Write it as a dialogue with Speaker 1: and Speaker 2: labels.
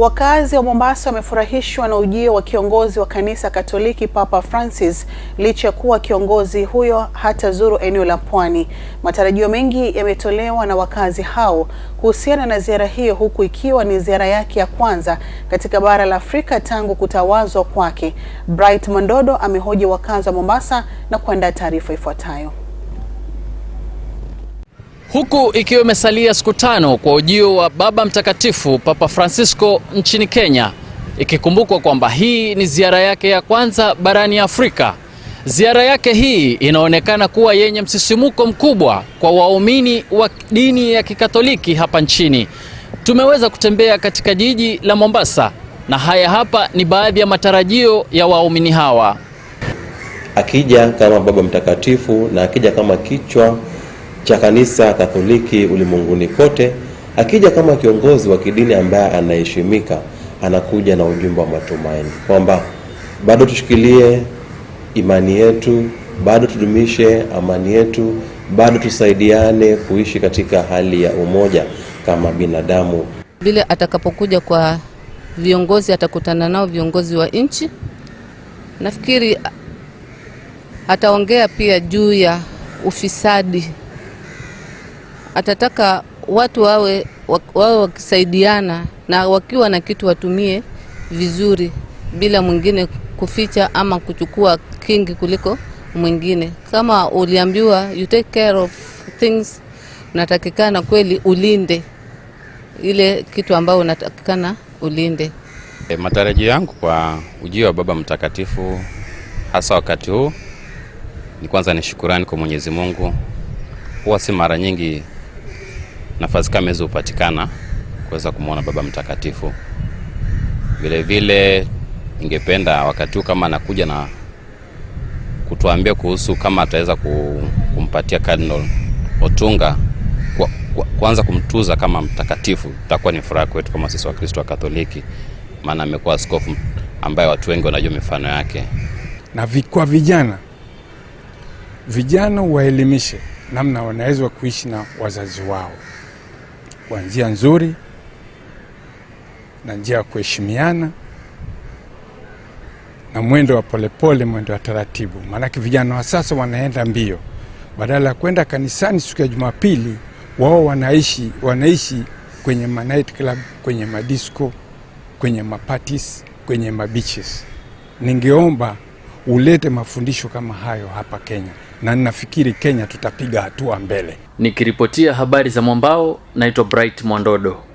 Speaker 1: Wakazi wa Mombasa wamefurahishwa na ujio wa kiongozi wa kanisa Katoliki Papa Francis licha ya kuwa kiongozi huyo hatazuru eneo la Pwani. Matarajio mengi yametolewa na wakazi hao kuhusiana na ziara hiyo, huku ikiwa ni ziara yake ya kwanza katika bara la Afrika tangu kutawazwa kwake. Bright Mandodo amehoji wakazi wa Mombasa na kuandaa taarifa ifuatayo.
Speaker 2: Huku ikiwa imesalia siku tano kwa ujio wa Baba Mtakatifu Papa Francisco nchini Kenya, ikikumbukwa kwamba hii ni ziara yake ya kwanza barani Afrika. Ziara yake hii inaonekana kuwa yenye msisimuko mkubwa kwa waumini wa dini ya Kikatoliki hapa nchini. Tumeweza kutembea katika jiji la Mombasa na haya hapa ni baadhi ya matarajio ya waumini hawa.
Speaker 3: Akija kama Baba Mtakatifu na akija kama kichwa cha kanisa Katoliki ulimwenguni kote. Akija kama kiongozi wa kidini ambaye anaheshimika, anakuja na ujumbe wa matumaini kwamba bado tushikilie imani yetu, bado tudumishe amani yetu, bado tusaidiane kuishi katika hali ya umoja kama binadamu.
Speaker 4: Vile atakapokuja kwa viongozi, atakutana nao viongozi wa nchi, nafikiri ataongea pia juu ya ufisadi atataka watu wawe wawe wakisaidiana na wakiwa na kitu watumie vizuri bila mwingine kuficha ama kuchukua kingi kuliko mwingine. Kama uliambiwa you take care of things, unatakikana kweli ulinde ile kitu ambayo unatakikana ulinde.
Speaker 5: E, matarajio yangu kwa ujio wa Baba Mtakatifu hasa wakati huu ni kwanza ni shukurani kwa Mwenyezi Mungu. Huwa si mara nyingi nafasi kama hizo hupatikana kuweza kumwona Baba Mtakatifu. Vilevile ningependa wakati huu kama anakuja na kutuambia kuhusu kama ataweza kumpatia Cardinal Otunga kwanza kumtuza kama mtakatifu, itakuwa ni furaha kwetu kama sisi Wakristo wa Katoliki, maana amekuwa askofu ambaye watu wengi wanajua mifano yake.
Speaker 6: Na kwa vijana, vijana waelimishe namna wanaweza kuishi na wazazi wao kwa njia nzuri na njia ya kuheshimiana na mwendo wa polepole, mwendo wa taratibu, maanake vijana wa sasa wanaenda mbio. Badala ya kwenda kanisani siku ya Jumapili, wao wanaishi wanaishi kwenye manight club, kwenye madisco, kwenye mapatis, kwenye mabiches. Ningeomba ulete mafundisho kama hayo hapa Kenya na ninafikiri Kenya tutapiga hatua mbele.
Speaker 2: Nikiripotia habari za Mwambao, naitwa Bright Mwandodo.